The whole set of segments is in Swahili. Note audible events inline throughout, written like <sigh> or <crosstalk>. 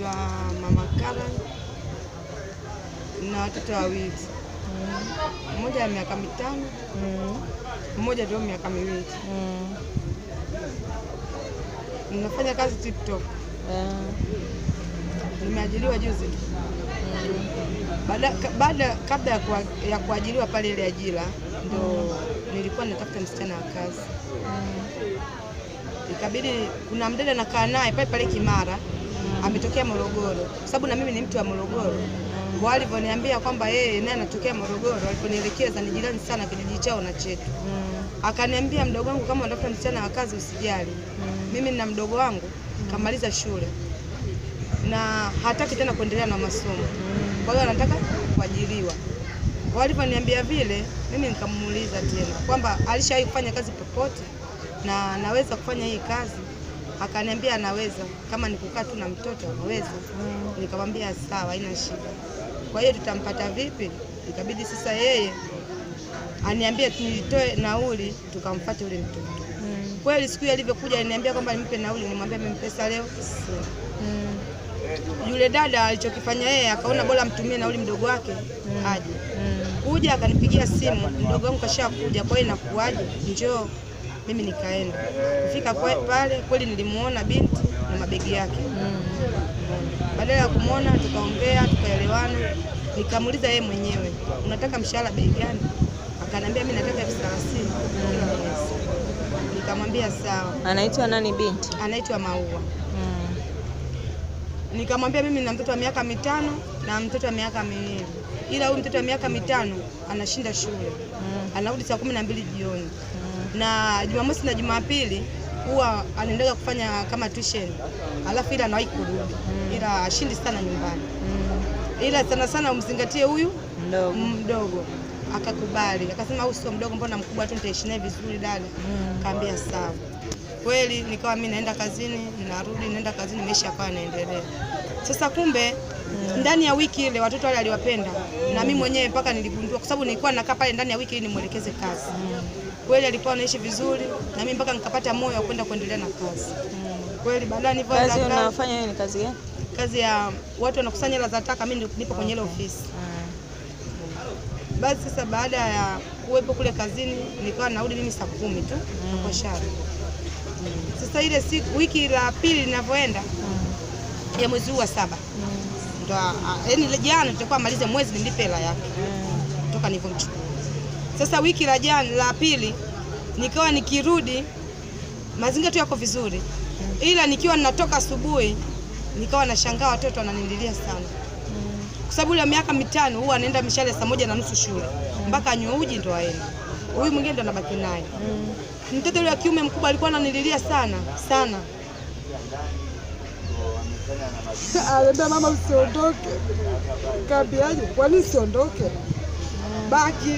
naitwa Mama Karen na watoto wawili mm. mmoja ya miaka mitano mm. mmoja ndio miaka miwili mm. nafanya kazi TikTok yeah. Nimeajiriwa juzi mm. baada kabla ya, kwa, ya kuajiriwa pale ile ajira ndo mm. nilikuwa natafuta msichana wa kazi mm. Ikabidi kuna mdada nakaa naye pale pale Kimara ametokea Morogoro, sababu na mimi ni mtu wa Morogoro. Kwa kwamba yeye naye anatokea Morogoro, aliponielekeza ni jirani sana kijiji chao na chetu. Mm. Akaniambia mdogo wangu, kama unatafuta msichana wa kazi usijali, mm. mimi na mdogo wangu kamaliza shule na hataki tena kuendelea na masomo, mm. kwa hiyo anataka kuajiriwa. Walivyoniambia vile, mimi nikamuuliza tena kwamba alishawahi kufanya kazi popote na naweza kufanya hii kazi Akaniambia anaweza kama nikukaa tu na mtoto anaweza. Mm. Nikamwambia sawa, haina shida. Kwa hiyo tutampata vipi? Ikabidi sasa yeye aniambie nitoe nauli tukampate ule mtoto. Mm. Kweli siku alivyokuja aliniambia kwamba nimpe nauli, nimwambia mimi pesa leo si. Mm. Yule dada alichokifanya yeye akaona bora mtumie nauli mdogo wake mm. aje. Mm. Kuja akanipigia simu, mdogo wangu kashakuja, kwa hiyo inakuaje? Njoo mimi nikaenda kufika kwe, pale kweli nilimuona binti na mabegi yake mm. Baada ya kumwona tukaongea, tukaelewana, nikamuuliza yeye mwenyewe unataka mshahara bei gani? Akaniambia mimi nataka elfu thelathini kila mwezi. Nikamwambia sawa. Anaitwa nani binti? Anaitwa Maua. mm. Nikamwambia mimi na mtoto wa miaka mitano na mtoto wa miaka miwili ila huyu mtoto wa miaka mitano anashinda shule mm. anarudi saa kumi na mbili jioni mm na Jumamosi na Jumapili huwa anaendelea kufanya kama tuition, alafu ila anawahi kurudi, mm. ila ashindi sana nyumbani, mm. ila sana sana umzingatie huyu mdogo, mdogo. Akakubali akasema huyu sio mdogo, mbona mkubwa tu, nitaishi naye vizuri dada. Mm. Kaambia sawa. Kweli nikawa mimi naenda kazini, narudi, naenda kazini, maisha yakawa yanaendelea. Sasa kumbe ndani ya wiki ile watoto wale aliwapenda, na mimi mwenyewe mpaka niligundua, kwa sababu nilikuwa nakaa pale ndani ya wiki ili nimwelekeze kazi kweli alikuwa anaishi vizuri, na mimi mpaka nikapata moyo wa kwenda kuendelea na kazi mm. Kweli baadaye nilipo kazi unafanya ni kazi gani? Kazi ya watu wanakusanya hela za taka, mimi nipo okay. kwenye ile mm. ofisi mm. Basi sasa baada ya kuwepo kule kazini nikawa narudi mimi saa kumi tu mm. kwa shara mm. Sasa ile siku wiki la pili linavyoenda mm. ya mwezi huu wa saba mm. ndo yaani jana tutakuwa malize mwezi nilipe hela yake mm. toka nilivyomchukua sasa wiki la jana la pili nikawa nikirudi, mazingira tu yako vizuri, ila nikiwa ninatoka asubuhi nikawa nashangaa watoto wananililia sana, kwa sababu ya miaka mitano huwa anaenda mishale saa moja na nusu shule mpaka anywe uji ndo aende, huyu mwingine ndo anabaki naye. Mtoto yule wa kiume mkubwa alikuwa ananililia sana sana, anambia <laughs> mama, usiondoke. Kaambiaje? Yaani, kwani usiondoke, baki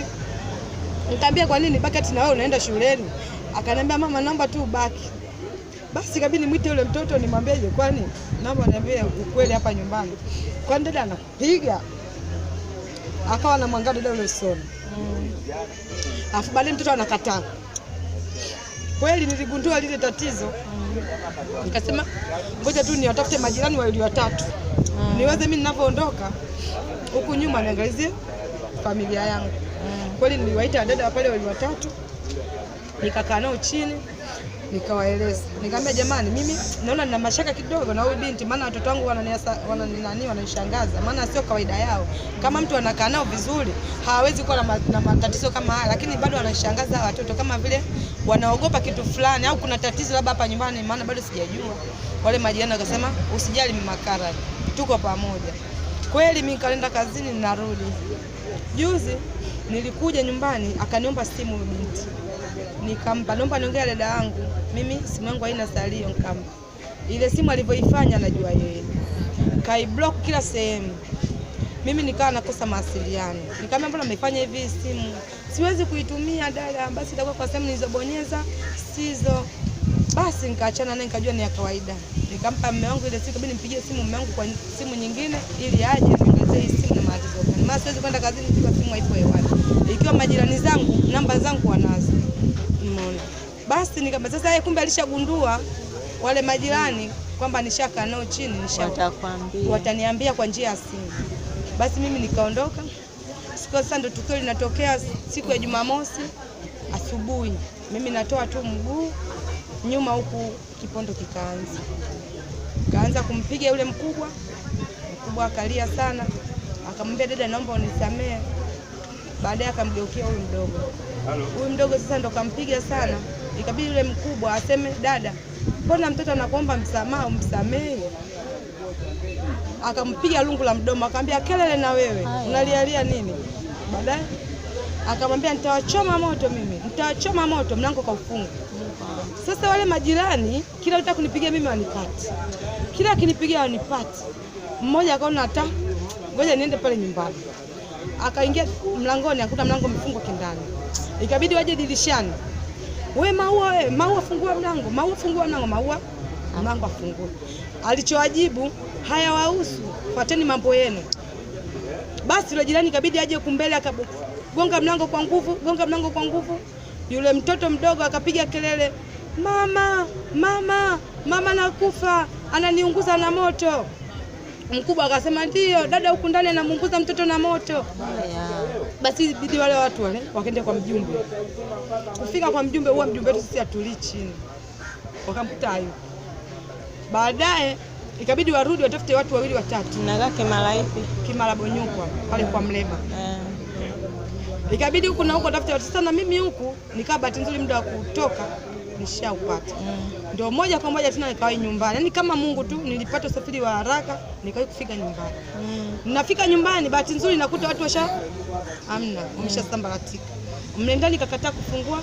Nikamwambia kwa nini baki na wewe unaenda shuleni? Akaniambia mama, naomba tu ubaki. Basi kabidi mwite yule mtoto nimwambie, je, kwani naomba niambie ukweli hapa nyumbani. Kwa dada anapiga. Akawa anamwangalia dada yule usoni. Alafu baadaye mtoto anakataa. Kweli niligundua lile tatizo. Nikasema ngoja tu niwatafute majirani wawili watatu. Niweze mimi ninapoondoka huku nyuma niangalizie familia yangu. Kweli niliwaita dada pale wali watatu, nikakaa nao chini, nikawaeleza, nikamwambia jamani, mimi naona nina mashaka kidogo na huyu binti, maana watoto wangu wanani wananishangaza, maana sio kawaida yao. Kama mtu anakaa nao vizuri, hawawezi kuwa na matatizo kama haya, lakini bado wanashangaza watoto, kama vile wanaogopa kitu fulani, au kuna tatizo labda hapa nyumbani, maana bado sijajua. Wale majirani wakasema, usijali, mimi Karen, tuko pamoja. Kweli mimi nikaenda kazini ninarudi. Juzi nilikuja nyumbani akaniomba simu binti, nikampa, naomba niongea dada yangu, mimi simu yangu haina salio. Nikampa ile simu, alivyoifanya anajua yeye, kaiblock kila sehemu. Mimi nikawa nakosa mawasiliano, nikamwambia mbona amefanya hivi, simu siwezi kuitumia dada, basi itakuwa kwa sehemu nilizobonyeza sizo basi nikaachana naye, nikajua ni ya kawaida. Nikampa mume wangu ile siku, mimi nimpigie simu mume wangu kwa simu nyingine, ili aje niongezee hii simu na maagizo gani, maana siwezi kwenda kazini ikiwa simu haipo hewani, ikiwa majirani zangu namba zangu wanazo. Umeona? Basi nikamba sasa, yeye kumbe alishagundua wale majirani kwamba nishakaa nao chini, nishakwambia wataniambia kwa njia ya simu. Basi mimi nikaondoka. Siku sasa ndo tukio linatokea siku ya Jumamosi asubuhi, mimi natoa tu mguu nyuma huku kipondo kikaanza, kaanza kumpiga yule mkubwa. Mkubwa akalia sana, akamwambia dada, naomba unisamee Baadaye akamgeukia huyu mdogo, huyu mdogo sasa ndo kampiga sana, ikabidi yule mkubwa aseme, dada, mbona mtoto anakuomba msamaha, umsamehe? Akampiga lungu la mdomo, akamwambia kelele na wewe unalialia nini? Baadaye akamwambia nitawachoma moto mimi, nitawachoma moto, mlango kaufunga sasa wale majirani kila wakati kunipigia mimi wanipati, kila akinipigia wanipati. Mmoja akaona hata ngoja niende pale nyumbani, akaingia mlangoni, akuta mlango umefungwa kindani, ikabidi waje dirishani, we Maua, we Maua, fungua mlango, Maua fungua mlango, Maua mlango afungue. Alichowajibu, haya wahusu, fuateni mambo yenu. Basi yule jirani ikabidi aje kumbele, akagonga mlango kwa nguvu, gonga mlango kwa nguvu. Yule mtoto mdogo akapiga kelele mama, mama, mama nakufa, ananiunguza na moto. Mkubwa akasema ndio, dada huku ndani anamuunguza mtoto na moto. Basi bidi wale watu wale wakaenda kwa mjumbe. Kufika kwa mjumbe, huwa mjumbe wetu sisi atulii chini, wakamkuta hayo. Baadaye ikabidi warudi watafute watu wawili watatu, nakaa Kimara ipi, Kimara Bonyokwa pale kwa Mleba yeah. Ikabidi huku na huko watafute watu sana. Mimi huku nikaa bahati nzuri muda wa kutoka nishaupata mm. Ndio moja kwa moja tena nikawa nyumbani, yaani kama Mungu tu, nilipata usafiri wa haraka nikawa kufika nyumbani mm. Nafika nyumbani, bahati nzuri nakuta watu washa amna, wamesha mm. Mle ndani kakataa kufungua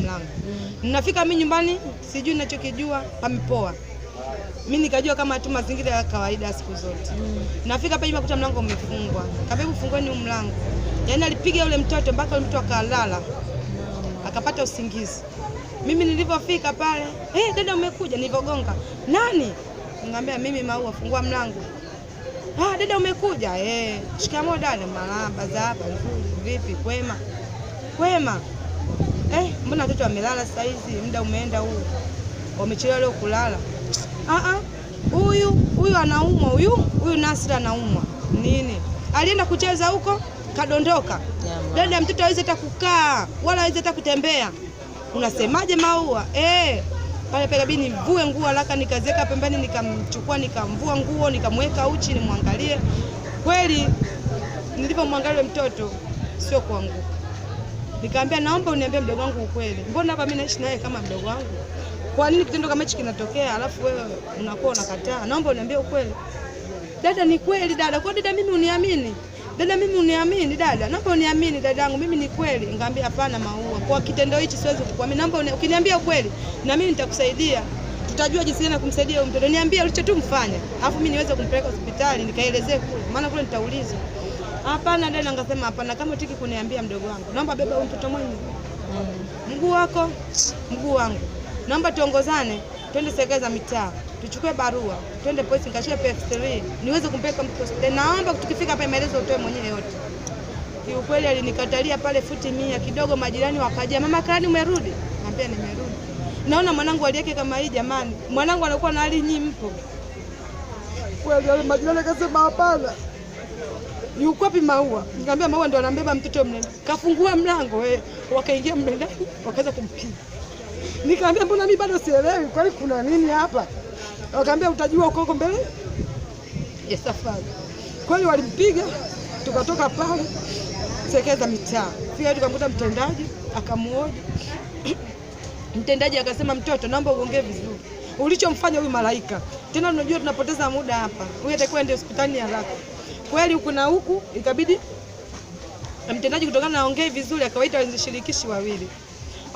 mlango mm. Nafika mimi nyumbani, sijui ninachokijua pamepoa mi nikajua kama tu mazingira ya kawaida siku zote mm. Nafika pale nakuta mlango umefungwa, kabibu fungueni ni mlango. Yani alipiga yule mtoto mpaka yule mtu akalala akapata usingizi. Mimi nilivyofika pale, eh, dada umekuja, nilivyogonga. Nani? Ngambia mimi Maua, fungua mlango. Ah, dada umekuja. Eh, shikamoo dada. Marahaba za hapa. Vipi kwema? Kwema. Eh, mbona watoto wamelala sasa hizi? Muda umeenda huu. Wamechelewa leo kulala. Ah ah. Huyu huyu anaumwa huyu. Huyu Nasri anaumwa. Nini? Alienda kucheza huko kadondoka. Dada mtoto hawezi hata kukaa wala hawezi hata kutembea unasemaje maua eh pale pale bini mvue nguo haraka, nikaziweka pembeni, nikamchukua nikamvua nguo, nikamweka uchi nimwangalie. Kweli nilipomwangalia mtoto sio kuanguka, nikamwambia naomba uniambie mdogo wangu ukweli, mbona hapa mimi naishi naye kama mdogo wangu, kwa nini kitendo kama hichi kinatokea alafu wewe unakuwa unakataa? Naomba uniambie ukweli. Dada, ni kweli dada. Kwa dada, mimi uniamini dada, mimi uniamini dada, naomba uniamini dada yangu, mimi ni kweli. Ngambia hapana, Maua, kwa kitendo hichi siwezi kukuamini, naomba ukiniambia ukweli na mimi nitakusaidia, tutajua jinsi gani kumsaidia huyo mtoto. tu mfanya alafu mimi niweze kumpeleka hospitali nikaelezee kule, maana kule nitaulizwa. Hapana dada, ngasema hapana, kama utaki kuniambia mdogo wangu, naomba beba mtoto mwenyewe mm. mguu wako mguu wangu, naomba tuongozane, twende serikali za mitaa tuchukue barua twende polisi nikashie PF3 niweze kumpeleka mtu hospitali. Naomba tukifika hapa maelezo utoe mwenyewe yote. Kiukweli alinikatalia pale futi mia kidogo, majirani wakaja, mama Karani, umerudi? Naambia nimerudi, naona mwanangu aliyeke kama hii. Jamani, mwanangu anakuwa na hali nyinyi mpo kweli? Wale majirani akasema hapana, yukopi maua. Nikamwambia maua ndo anambeba mtoto mle, kafungua mlango eh, wakaingia mle ndani wakaanza kumpiga. Nikamwambia mbona mimi bado sielewi, kwani kuna nini hapa? Wakaambia utajua ukoko huko mbele ya yes, safari. Kweli walimpiga, tukatoka pale sekeza mitaa pia tukamkuta mtendaji akamuoja <clears throat> mtendaji akasema, mtoto, naomba uongee vizuri ulichomfanya huyu malaika. Tena tunajua tunapoteza muda hapa, huyu atakuwa ende hospitali haraka. Kweli huku na huku, ikabidi mtendaji kutokana na ongee vizuri akawaita shirikishi wawili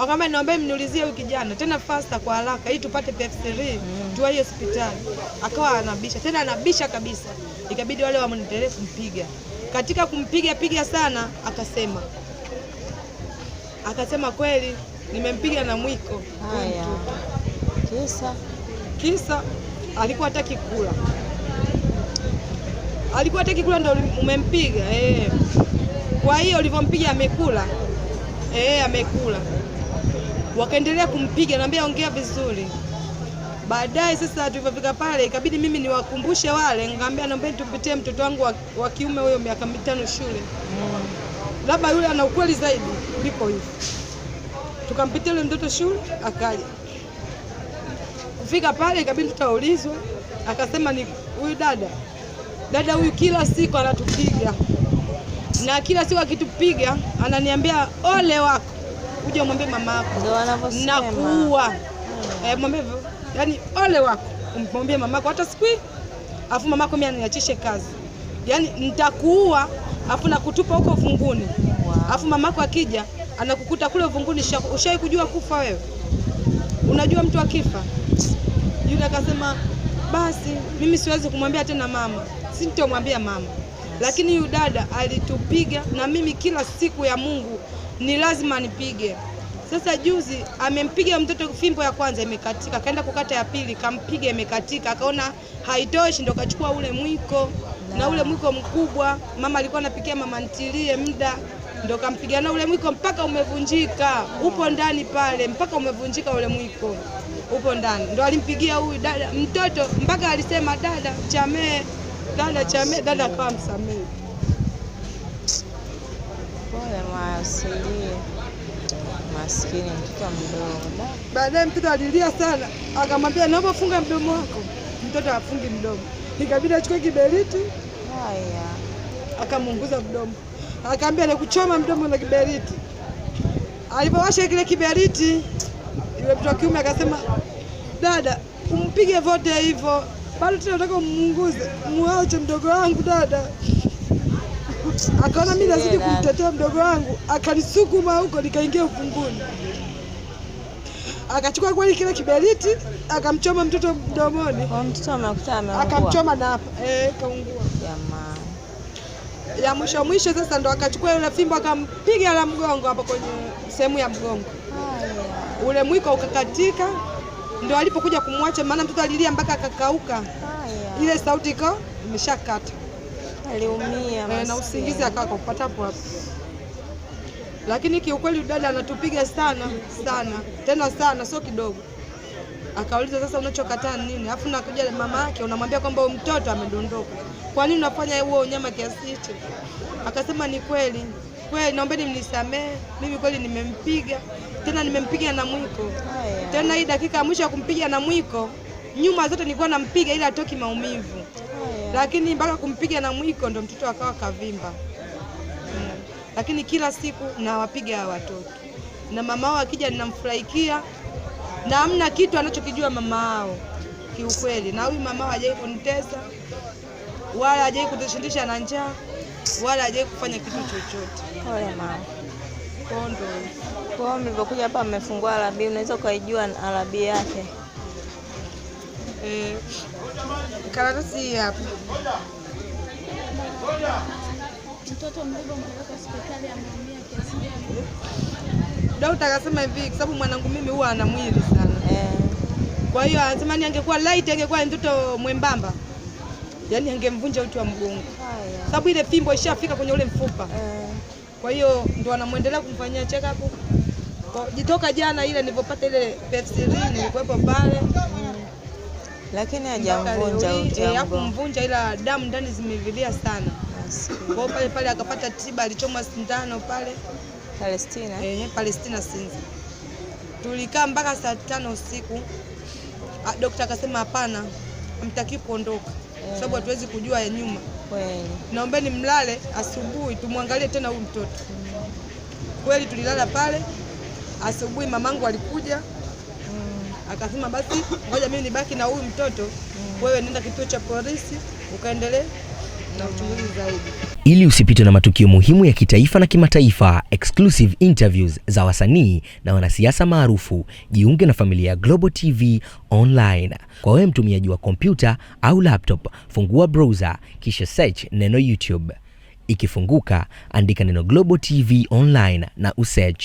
wakama niombe mniulizie huyu kijana tena fasta kwa haraka ili tupate PF3 mm. hospitali. Akawa anabisha tena anabisha kabisa, ikabidi wale wamwendelee kumpiga. Katika kumpiga piga sana, akasema akasema kweli nimempiga na mwiko. Haya. Kisa kisa alikuwa hataki kula, alikuwa hataki kula ndo umempiga eh. Kwa hiyo ulivyompiga amekula eh, amekula wakaendelea kumpiga, naambia ongea vizuri. Baadaye sasa tulivyofika pale, ikabidi mimi niwakumbushe wale, ngambia naomba tupitie mtoto wangu wa, wa kiume huyo miaka mitano shule mm. labda yule ana ukweli zaidi kuliko hivi. Tukampitia yule mtoto shule, akaja kufika pale, ikabidi tutaulizwa, akasema ni huyu dada dada huyu kila siku anatupiga na kila siku akitupiga ananiambia ole wako uje umwambie mamako nakuua. Hmm. Eh, mwambie yani ole wako umwambie mamako hata siku hii, afu mamako mimi aniachishe kazi, yani nitakuua afu nakutupa huko vunguni. Wow. Afu mamako akija anakukuta kule vunguni, ushai kujua kufa wewe? Unajua mtu akifa? Yule akasema basi mimi siwezi kumwambia tena mama, sintomwambia mama. Lakini huyu dada alitupiga na mimi kila siku ya Mungu ni lazima nipige. Sasa juzi amempiga mtoto, fimbo ya kwanza imekatika, akaenda kukata ya pili, kampiga imekatika, akaona haitoshi, ndo kachukua ule mwiko na ule mwiko mkubwa. Mama alikuwa anapikia mama ntilie muda, ndo kampiga na ule mwiko mpaka umevunjika, upo ndani pale, mpaka umevunjika ule mwiko upo ndani, ndo alimpigia huyu dada mtoto, mpaka alisema dada chamee, dada chamee, dada akawa msamehe pole, mwasilie maskini mtoto mdogo. Baadaye mtoto alilia sana, akamwambia naomba funga mdomo wako. Mtoto afungi mdomo, ikabidi achukue kiberiti haya, akamunguza mdomo, akaambia nakuchoma mdomo na kiberiti. Alipowasha kile kiberiti, yule mtoto wa kiume akasema, dada, umpige vote hivyo bado tunataka umunguze, muache mdogo wangu dada akaona mimi nazidi kumtetea mdogo wangu, akanisukuma huko nikaingia ukunguni, akachukua kweli kile kiberiti akamchoma mtoto mdomoni, akamchoma na hapa eh, kaungua. Ya mwisho mwisho sasa ndo akachukua yule fimbo akampiga la mgongo hapo kwenye sehemu ya mgongo, ule mwiko ukakatika, ndo alipokuja kumwacha, maana mtoto alilia mpaka akakauka, ile sauti iko imeshakata aliumia eh, na usingizi akawa kupata hapo hapo, lakini kiukweli dada anatupiga sana sana tena sana, sio kidogo. Akauliza, sasa unachokataa nini? Alafu nakuja mama yake unamwambia kwamba mtoto amedondoka, kwa nini unafanya huo unyama kiasi hicho? Akasema ni kweli kweli, naombeni mnisamehe, mimi kweli nimempiga, tena nimempiga na mwiko. Tena hii dakika ya mwisho ya kumpiga na mwiko, nyuma zote nilikuwa nampiga ili atoki maumivu lakini mpaka kumpiga na mwiko ndo mtoto akawa kavimba mm. Lakini kila siku nawapiga hawa watoto na mama wao akija ninamfurahikia, na hamna kitu anachokijua mama wao kiukweli, na huyu mama wao hajai kunitesa wala hajai kutushindisha na njaa wala hajai kufanya kitu chochote. Pole mama. Kondo. Kwa hiyo mlivyokuja hapa mmefungua alabi, unaweza ukaijua alabi yake eh? Karatasi hapa. Mtoto mdogo hospitali ameumia akasema hivi, kwa sababu mwanangu mimi huwa ana mwili sana eh. Kwa hiyo ni angekuwa light, angekuwa mtoto mwembamba, yaani angemvunja uti wa mgongo, sababu ile fimbo ishafika kwenye ule mfupa eh. Kwa hiyo ndo anamwendelea kumfanyia check up jitoka jana ile nilipopata ile PFC nilikuwepo pale mm lakini hajamvunja eh, hakumvunja, ila damu ndani zimevilia sana Kwa Pale pale akapata tiba, alichomwa sindano pale Palestina, eh, Palestina Sinza. Tulikaa mpaka saa tano usiku, ah, dokta akasema hapana, hamtakii kuondoka kwa eh. sababu hatuwezi kujua ya nyuma Naombeni mlale, asubuhi tumwangalie tena huyu mtoto Kweli tulilala pale, asubuhi mamangu alikuja akasema basi ngoja mimi nibaki na huyu mtoto mm. Wewe nenda kituo cha polisi ukaendelee na uchunguzi zaidi. Ili usipitwe na matukio muhimu ya kitaifa na kimataifa, exclusive interviews za wasanii na wanasiasa maarufu, jiunge na familia ya Global TV Online. Kwa wewe mtumiaji wa kompyuta au laptop, fungua browser kisha search neno YouTube. Ikifunguka, andika neno Global TV Online na usearch.